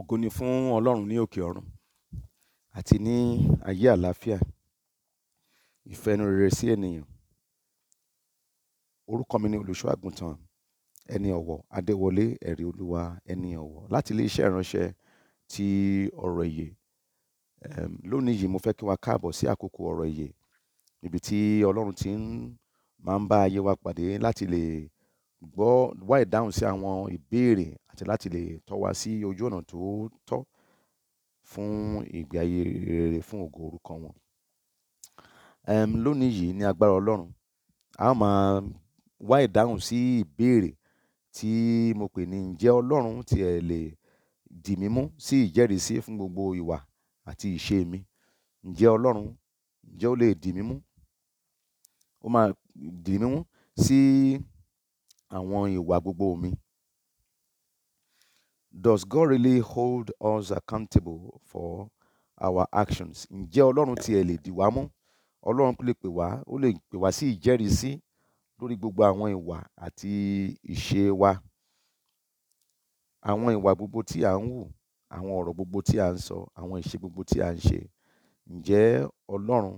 Ògo ni fún Ọlọ́run ní òkè ọ̀run àti ní ayé àlàáfíà. Ìfẹ́ inú rere sí ènìyàn. Orúkọ mi ni Olùṣọ́àgùntàn ẹni ọ̀wọ̀ Adéwọlé ẹ̀rí Olúwa ẹni ọ̀wọ̀ láti ilé iṣẹ́ ìránṣẹ́ ti ọ̀rọ̀ ìyè. Em, Lónìí yìí mo fẹ́ kí wa káàbọ̀ sí àkókò ọ̀rọ̀ ìyè, ibi tí Ọlọ́run ti máa ń bá ayé wa pàdé láti lè gbọ́ wá ìdáhùn sí àwọn ìbéèrè àti láti lè tọ́ wa sí ojú ọ̀nà tó tọ́ fún ìgbé ayé rere fún ògo orúkọ wọn. Um, lónìí yìí ní agbára ọlọ́run a ó máa wá ìdáhùn sí ìbéèrè tí mo pè ní ǹjẹ́ ọlọ́run tiẹ̀ lè dì mí mú sí ìjẹ́rìísí fún gbogbo ìwà àti ìṣe mi ǹjẹ́ ọlọ́run ǹjẹ́ ó lè dì mí mú ó máa dì mí mú sí. Si àwọn ìwà gbogbo mi. Does God really hold us accountable for our actions? Ǹjẹ́ Ọlọ́run ti ẹ lè dì wá mú? Ọlọ́run lè pè wá, ó lè pè wá sí ìjẹ́rìísí lórí gbogbo àwọn ìwà àti ìṣe wa. Àwọn ìwà gbogbo tí à ń wù, àwọn ọ̀rọ̀ gbogbo tí à ń sọ, àwọn ìṣe gbogbo tí à ń ṣe. Ǹjẹ́ Ọlọ́run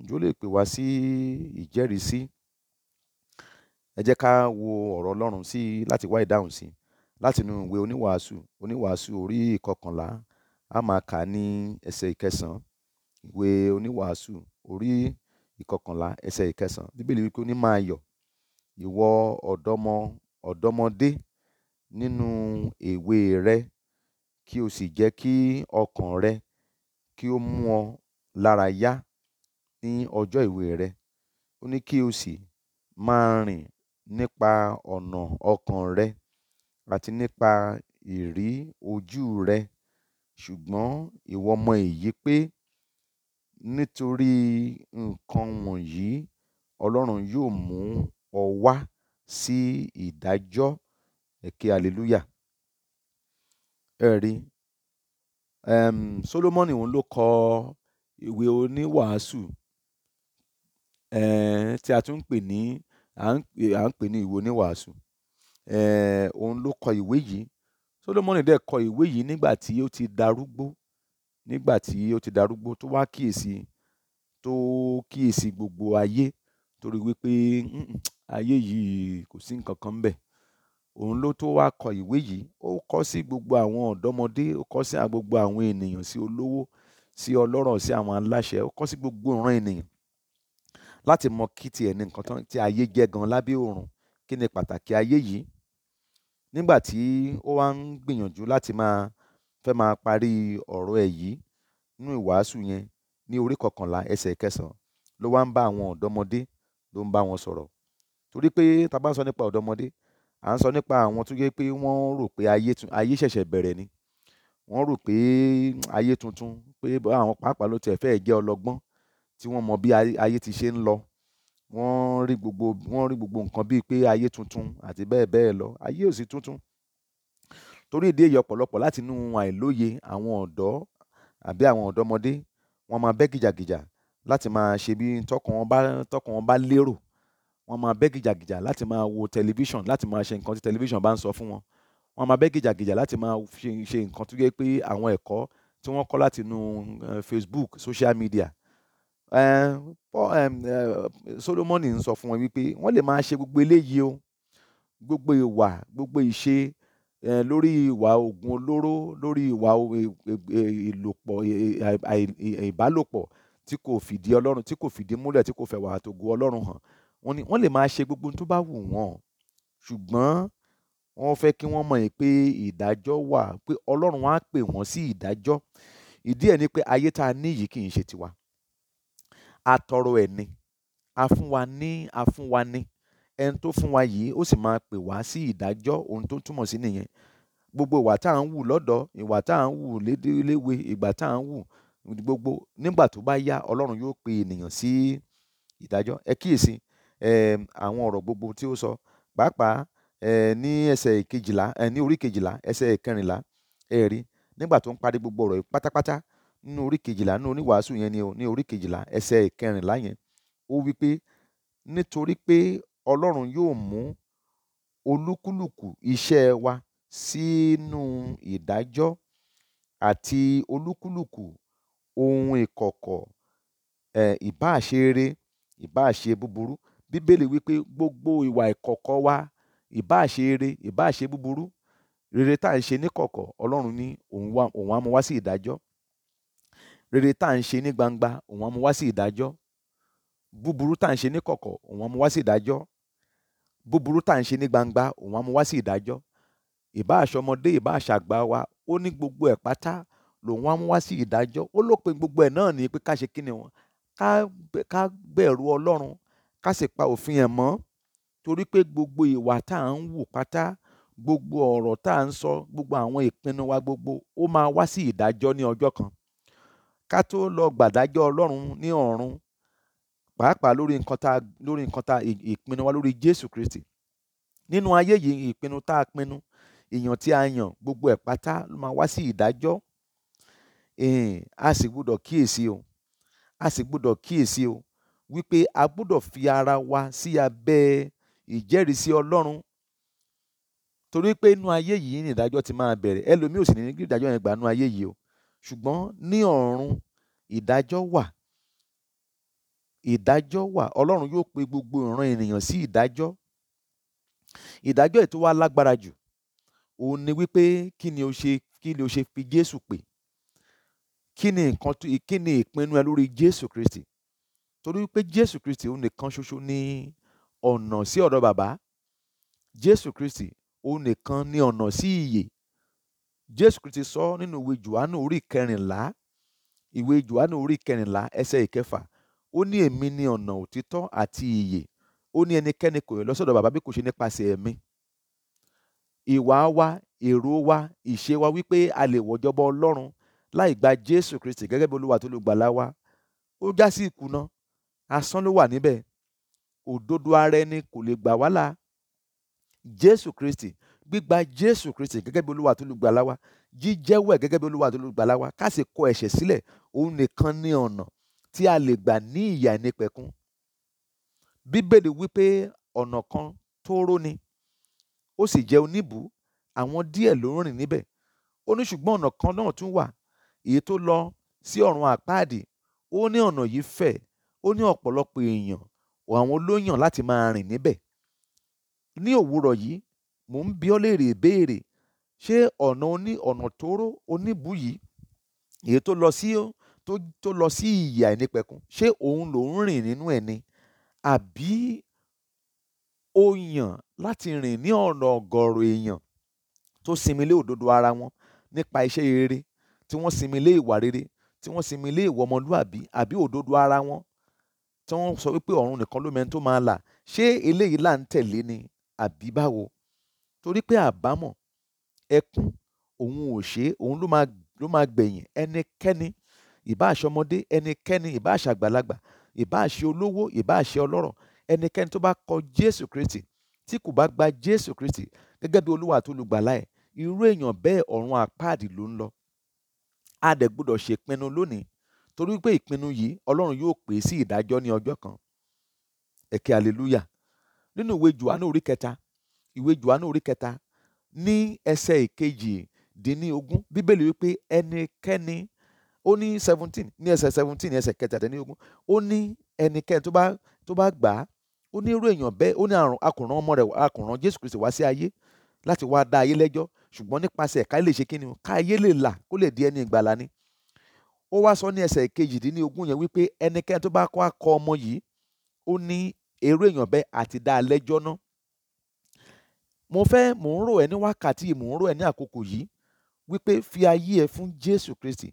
ǹjẹ́ ó lè pè wá sí ìjẹ́rìísí? ẹ jẹ́ ká wo ọ̀rọ̀ ọlọ́run sí láti wá ìdáhùn sí látinú ìwé oníwàásù oníwàásù orí ìkọkànlá a máa kà ní ẹsẹ̀ ìkẹsàn-án ìwé oníwàásù orí ìkọkànlá ẹsẹ̀ ìkẹsàn-án bíbélì wípé ó ní máa yọ̀ ìwọ ọ̀dọ́mọ ọ̀dọ́mọdé nínú èwe rẹ kí o sì jẹ́ kí ọkàn rẹ kí ó mú ọ lára yá ní ọjọ́ ìwé rẹ ó ní kí o sì máa rìn nípa ọ̀nà ọkàn rẹ àti nípa ìrí ojú rẹ ṣùgbọ́n ìwọ mọ èyí pé nítorí nǹkan wọ̀nyí ọlọ́run yóò mú ọ wá sí ìdájọ́ ẹ̀kẹ́ hallelujah. Ẹ rí i, um Solomoni òun ló kọ ìwé oníwàásù um tí a tún ń pè ní à ń pè ní ìwé oníwàásù. Ẹ̀, òun ló kọ ìwé yìí. Solomoni dẹ̀ kọ ìwé yìí nígbà tí ó ti darúgbó, nígbà tí ó ti darúgbó tó wá kíyèsi, tó kíyèsi gbogbo ayé torí wípé ayé yìí kò sí nǹkan kan bẹ̀. Òun ló tó wá kọ ìwé yìí. Ó kọ sí gbogbo àwọn ọ̀dọ́mọdé, ó kọ sí gbogbo àwọn ènìyàn, sí olówó, sí ọlọ́rọ̀, sí àwọn aláṣẹ, ó kọ sí gbogbo ìran ènìyàn láti mọ kí tiẹ̀ ní nǹkan tán tí ayé jẹ́ gan lábẹ́ òòrùn kí ni pàtàkì ayé yìí nígbà tí ó wá ń gbìyànjú láti máa fẹ́ máa parí ọ̀rọ̀ ẹ̀ yìí nínú ìwàásù yẹn ní orí kọkànlá ẹsẹ̀ kẹsàn-án ló wá ń bá àwọn ọ̀dọ́mọdé ló ń bá wọn sọ̀rọ̀ torí pé tá bá ń sọ nípa ọ̀dọ́mọdé à ń sọ nípa àwọn tó yẹ pé wọ́n rò pé ayé ṣẹ̀ṣẹ̀ bẹ̀rẹ̀ ni wọ́n rò pé ayé tuntun pé àwọn pàápàá ló tiẹ̀ fẹ́ jẹ́ ọlọ́gbọ́n tí wọ́n mọ bí ayé ti ṣe ń lọ. Wọ́n rí gbogbo, wọ́n rí gbogbo nǹkan bíi pé ayé tuntun àti bẹ́ẹ̀ bẹ́ẹ̀ lọ. Ayé ò sí tuntun. Torí ìdí èyí ọ̀pọ̀lọpọ̀ láti inú àìlóye àwọn ọ̀dọ́ àbí àwọn ọ̀dọ́mọdé, wọ́n máa bẹ́ gìjàgìjà láti máa ṣe bí tọkàn wọn bá, tọkàn wọn bá lérò. Wọ́n máa bẹ́ gìjàgìjà láti máa wo tẹlifíṣàn, láti máa ṣe nǹkan tí tẹlifíṣàn bá ń sọ fún wọn. Wọ́n máa bẹ́ gìjàgìjà láti máa ṣe, nǹkan tó jẹ́ pé àwọn ẹ̀kọ́ tí wọ́n kọ́ láti inú eh, Facebook, social media. Solomoni ń sọ fún wọn wípé wọ́n lè máa ṣe gbogbo eléyìí o gbogbo ìwà gbogbo ìṣe lórí ìwà oògùn olóró lórí ìwà e, e, e, ìlòpọ̀ ìbálòpọ̀ tí kò fìdí ọlọ́run tí kò fìdí múlẹ̀ tí kò fẹ̀wà àtògo ọlọ́run hàn wọ́n ní wọ́n lè máa ṣe gbogbo ohun tó bá wù wọ́n ṣùgbọ́n wọ́n fẹ́ kí wọ́n mọ̀ pé ìdájọ́ wà pé ọlọ́run á pè wọ́n sí ìdájọ́ ìdí ẹ̀ ni pé ayé tá a ní yìí kì í ṣe tiwa a tọrọ ẹ̀ ni a fún wa ní a fún wa ní ẹni tó fún wa yìí ó sì máa pè wá sí ìdájọ́ ohun tó túmọ̀ sí nìyẹn gbogbo ìwà tá à ń wù lọ́dọ̀ ìwà tá à ń wù lédèléwe ìgbà tá à ń wù gbogbo nígbà tó bá yá ọlọ́run yóò pe ènìyàn sí ìdájọ́ ẹ kíyèsí àwọn ọ̀rọ̀ gbogbo tí ó sọ pàápàá ní ẹsẹ̀ kejìlá ní orí kejìlá ẹsẹ̀ kẹrìnlá ẹ rí nígbà tó ń parí gbogbo ọ̀rọ̀ yìí pátápátá nínú orí kejìlá nínú oníwàásù yẹn ni o ní orí kejìlá ẹsẹ̀ ìkẹrìnlá yẹn ó wí pé nítorí pé ọlọ́run yóò mú olúkúlùkù iṣẹ́ wa sínú ìdájọ́ àti olúkúlùkù ohun ìkọ̀kọ̀ ìbáà ṣe rere ìbáà búburú bíbélì wípé gbogbo ìwà ìkọ̀kọ̀ wa ìbáà ṣe rere ìbáà ṣe búburú rere tá à ń ṣe níkọ̀kọ̀ ọlọ́run ní òun á mú wá sí ìdájọ́ rere tá à ń ṣe ní gbangba òun á mú wá sí ìdájọ́ búburú tá à ń ṣe ní kọ̀kọ̀ òun á mú wá sí ìdájọ́ búburú tá à ń ṣe ní gbangba òun á wá sí ìdájọ́ ìbá àṣọmọdé ìbá àṣàgbà wa ó ní gbogbo ẹ̀ pátá lòun á mú wá sí ìdájọ́ ó lópin gbogbo ẹ̀ náà ní pé ká ṣe kíni wọn ká bẹ̀rù ọlọ́run ká sì pa òfin ẹ̀ mọ́ torí pé gbogbo ìwà tá à ń wù pátá gbogbo ọ̀rọ̀ tá à ń sọ gbogbo àwọn ìpinnu wa gbogbo ó máa wá sí ìdájọ́ ní ọjọ́ kan ká tó lọ gbàdájọ́ ọlọ́run ní ọ̀run pàápàá lórí nǹkan tá lórí nǹkan tá ìpinnu wa lórí jésù kristi nínú ayé yìí ìpinnu tá a pinnu èèyàn tí a yàn gbogbo ẹ̀ pátá ló máa wá sí ìdájọ́ a sì gbúdọ̀ kíyèsí o a sì gbúdọ̀ kíyèsí o wípé a gbúdọ̀ fi ara wa sí abẹ́ ìjẹ́rìísí ọlọ́run torí pé inú ayé yìí ni ìdájọ́ ti máa bẹ̀rẹ̀ ẹlòmíì ò sì ní ní ìdájọ́ yẹn gbà nú ayé yìí o ṣùgbọ́n ní ọ̀run ìdájọ́ wà ìdájọ́ wà ọlọ́run yóò pe gbogbo ìran ènìyàn sí ìdájọ́ ìdájọ́ ètò wa lágbára jù òun ni wípé kí ni o ṣe kí ni o ṣe fi Jésù pè kí ni nǹkan kí ni ìpinnu ẹ lórí Jésù Kristi torí wípé Jésù Kristi òun nìkan ṣoṣo ní ọ̀nà sí ọ̀dọ̀ bàbá Jésù Kristi òun nìkan ní ọ̀nà sí ìyè jésù kristi sọ nínú ìwé johannu orí kẹrìnlá ìwé johannu orí kẹrìnlá ẹsẹ̀ ìkẹfà ó ní èmi ni ọ̀nà òtítọ́ àti ìyè ó ní ẹnikẹ́ni kò lọ sọ́dọ̀ bàbá bí kò ṣe nípasẹ̀ ẹ̀mí ìwà wa èrò wa ìṣe wa wípé a lè wọ̀jọba ọlọ́run láì gba jésù kristi gẹ́gẹ́ bí olúwa tó ló gbàlà wa ó já sí ìkùnà asán ló wà níbẹ̀ òdodo ara ẹni kò lè gbà wá là jésù kristi gbígba jésù kristi gẹ́gẹ́ bí olúwa tó lùgbàlà wa jíjẹ́wọ́ ẹ̀ gẹ́gẹ́ bí olúwa tó lùgbàlà wa ká sì kọ ẹ̀ṣẹ̀ sílẹ̀ òun nìkan ní ọ̀nà tí a lè gbà ní ìyà ìnípẹ̀kún bíbélì wípé ọ̀nà kan tóóró ni ó sì jẹ́ oníbù àwọn díẹ̀ ló ń rìn níbẹ̀ ó ní ṣùgbọ́n ọ̀nà kan náà tún wà èyí tó lọ sí ọ̀run àpáàdì ó ní ọ̀nà yìí fẹ̀ ó ní ọ̀pọ̀lọpọ̀ èèyàn àwọn ló láti máa rìn níbẹ̀ ní òwúrọ̀ yìí mò ń bi ọ́ léèrè ìbéèrè ṣé ọ̀nà oní ọ̀nà tóóró oníbù yìí èyí tó lọ sí tó tó lọ sí ìyè àìnípẹ̀kun ṣé òun ló ń rìn nínú ẹ̀ ni àbí ó yàn láti rìn ní ọ̀nà ọ̀gọ̀rọ̀ èèyàn tó sinmi lé òdodo ara wọn nípa iṣẹ́ rere tí wọ́n sinmi lé ìwà rere tí wọ́n sinmi lé ìwà ọmọlúàbí àbí òdodo ara wọn tí wọ́n sọ wípé ọ̀run nìkan ló mẹ́ni tó máa là ṣé eléyìí là ń tẹ̀lé ni àbí báwo torí pé àbámọ̀ ẹkún òun ò ṣe é òun ló máa ló máa gbẹ̀yìn ẹnikẹ́ni ìbáṣọmọdé ẹnikẹ́ni ìbáṣàgbàlagbà ìbáṣe olówó ìbáṣe ọlọ́rọ̀ ẹnikẹ́ni tó bá kọ jésù kristi tí kò bá gba jésù kristi gẹ́gẹ́ bí olúwa tó lùgbàlà ẹ̀ irú èèyàn bẹ́ẹ̀ ọ̀run àpáàdì ló ń lọ a dẹ̀ gbọ́dọ̀ ṣèpinnu lónìí torí pé ìpinnu yìí ọlọ́run yóò pè sí ìdájọ́ ní ọjọ́ kan ẹ̀kẹ́ hallelujah nínú ìwé Jòhánù orí ìwé Jòhánù orí kẹta ní ẹsẹ̀ ìkejì dín ní ogún bíbélì wípé ẹnikẹ́ni ó ní seventeen ní ẹsẹ̀ seventeen ní ẹsẹ̀ kẹtàdínlógún ó ní ẹnikẹ́ni tó bá tó bá gbà á ó ní irú èèyàn bẹ́ẹ̀ ó ní àrùn akùnrán ọmọ rẹ̀ akùnrán Jésù Kristi wá sí ayé láti wá dá ayé lẹ́jọ́ ṣùgbọ́n nípasẹ̀ ká lè ṣe kí ni ká ayé lè là kó lè di ẹni ìgbàlà ni ó wá sọ ní ẹsẹ̀ kejìdínlógún yẹn wípé ẹnikẹ́ni tó bá kọ́ akọ ọmọ yìí ó ní irú èèyàn bẹ́ẹ̀ àti dá a náà mo fẹ́ mò ń rò ẹ́ ní wákàtí mò ń rò ẹ́ ní àkókò yìí wípé fi ayé ẹ fún Jésù Kristi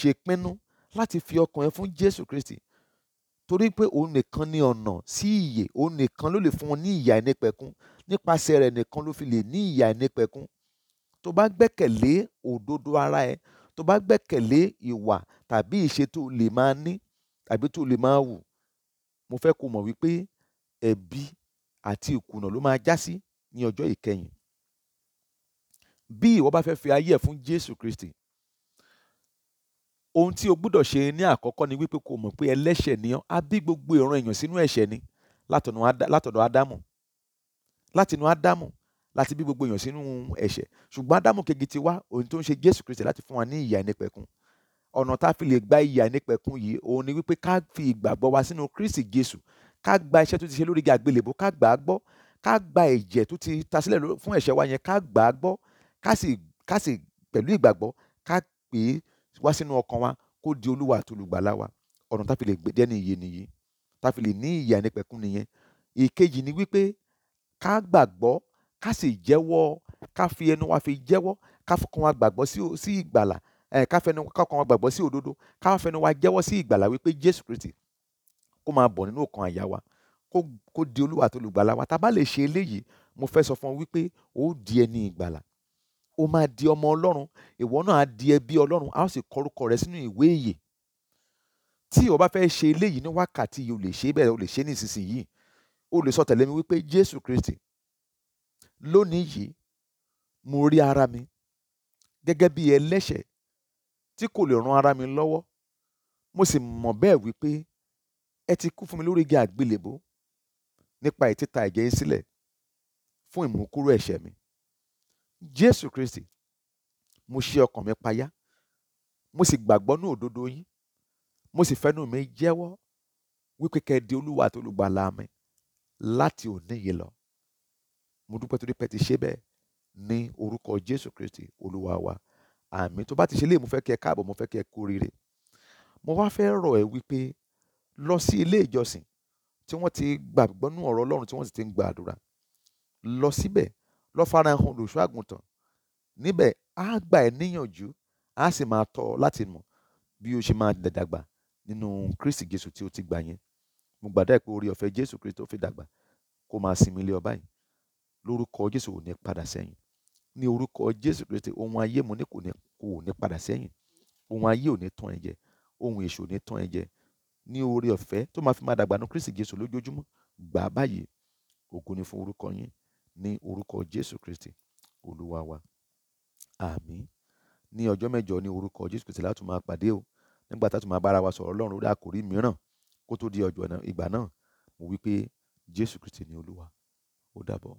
ṣèpinnu láti fi ọkàn ẹ fún Jésù Kristi torí pé òun nìkan ni ọ̀nà sí ìyè òun nìkan ló lè fún ọ ní ìyà ìnípẹ̀kún nípasẹ̀ rẹ̀ nìkan ló fi lè ní ìyà ìnípẹ̀kún tó bá gbẹ́kẹ̀lé òdodo ara ẹ tó bá gbẹ́kẹ̀lé ìwà tàbí ìṣe tó lè máa ní tàbí tó lè máa wù mo fẹ́ kó mọ̀ wípé ẹ̀bi àti ìkùnà ló máa já sí ní ọjọ́ ìkẹyìn bí ìwọ bá fẹ́ fi ayé ẹ̀ fún Jésù Kristi ohun tí o gbúdọ̀ ṣe ní àkọ́kọ́ ni wípé kò mọ̀ pé ẹlẹ́ṣẹ̀ ni ọ́ á bí gbogbo ìran èèyàn sínú ẹ̀ṣẹ̀ ni látọ̀dọ̀ Ádámù látinú Ádámù láti bí gbogbo èèyàn sínú ẹ̀ṣẹ̀ ṣùgbọ́n Ádámù kejì ti wá ohun tó ń ṣe Jésù Kristi láti fún wa ní ìyà nípẹ̀kun ọ̀nà tá a fi lè gba ìyà nípẹ̀kun yìí òun ni wípé ká fi ìgbàgbọ́ wa sínú Kristi Jésù ká gba iṣẹ́ tó ti ṣe lórí àgbélébó ká gbà á gbọ́ ká gba ẹ̀jẹ̀ tó ti ta sílẹ̀ fún ẹ̀ṣẹ̀ wa yẹn ká gbà á gbọ́ ká sì ká sì pẹ̀lú ìgbàgbọ́ ká pè é wá sínú ọkàn wa kó di olúwa àti wa ọ̀nà tá fi lè gbẹ̀dẹ́ ní iye nìyí tá fi lè ní ìyà nípẹ̀kún nìyẹn ìkejì ni wípé ká gbàgbọ́ ká sì jẹ́wọ́ ká fi ẹnu wa fi jẹ́wọ́ ká fọkàn wa gbàgbọ́ sí ìgbàlà ká fẹnu kọkàn wa gbàgbọ́ sí òdodo ká fẹnu wa jẹ́wọ́ sí ìgbàlà wípé Jésù Kristi kó máa bọ̀ nínú ọkàn àyà wa kó kó di olúwa àti olùgbàlà wa tá a bá lè ṣe eléyìí mo fẹ́ sọ fún ọ wípé ó di ẹni ìgbàlà ó máa di ọmọ ọlọ́run ìwọ náà á di ẹbí ọlọ́run á sì kọ orúkọ rẹ sínú ìwé ìyè tí o bá fẹ́ ṣe eléyìí ní wákàtí yìí o lè ṣe bẹ́ẹ̀ o lè ṣe ní ìsinsìnyí o lè sọ tẹ̀lé mi wípé jésù kristi lónìí yìí mo rí ara mi gẹ́gẹ́ bí ẹlẹ́ṣẹ̀ tí kò lè ran ara mi lọ́wọ́ mo sì mọ̀ bẹ́ẹ̀ wípé ẹ ti kú fún mi lórí igi àgbélébó nípa ìtítà ẹ̀jẹ̀ yín sílẹ̀ fún ìmúkúrò ẹ̀ṣẹ̀ mi jésù kristi mo ṣe ọkàn mi payá mo sì gbàgbọ́ ní òdodo yín mo sì fẹ́nu mi jẹ́wọ́ wípé kẹ́ ẹ di olúwa àti olùgbàlà mi láti òní yìí lọ mo dúpẹ́ torí pé ti ṣe bẹ́ẹ̀ ní orúkọ jésù kristi olúwa wa àmín tó bá ti ṣe léè mo fẹ́ kí ẹ káàbọ̀ mo fẹ́ kí ẹ kú oríire mo wá fẹ́ rọ̀ ẹ́ wípé lọ sí ilé ìjọsìn tí wọ́n ti gbàgbọ́ nú ọ̀rọ̀ ọlọ́run tí wọ́n sì ti ń gba àdúrà lọ síbẹ̀ lọ fara hàn olùṣọ́ àgùntàn níbẹ̀ á gbà ẹ́ níyànjú á sì máa tọ́ ọ láti mọ̀ bí o ṣe máa dàgbà nínú Kristi Jésù tí o ti gbà yẹn mo gbàdá pé orí ọ̀fẹ́ Jésù Kristi tó fi dàgbà kó máa sinmi ilé ọba yìí lórúkọ Jésù ò ní padà sẹ́yìn ní orúkọ Jésù Kristi ohun ayé mo ní kò ní padà sẹ́yìn ohun ayé ò ní tán ẹ ohun èṣù ò ní tán ẹ ní oore ọ̀fẹ́ tó máa fi máa dàgbà nínú Kristi Jésù lójoojúmọ́ gbà á báyìí ògo ni fún orúkọ yín ní orúkọ Jésù Kristi olúwa wa àmín ní ọjọ́ mẹ́jọ ní orúkọ Jésù Kristi láti máa pàdé o nígbà tá a tún máa bára wa sọ̀rọ̀ Ọlọ́run lórí àkòrí mìíràn kó tó di ọjọ́ ìgbà náà mo wí pé Jésù Kristi ni olúwa ó dàbọ̀.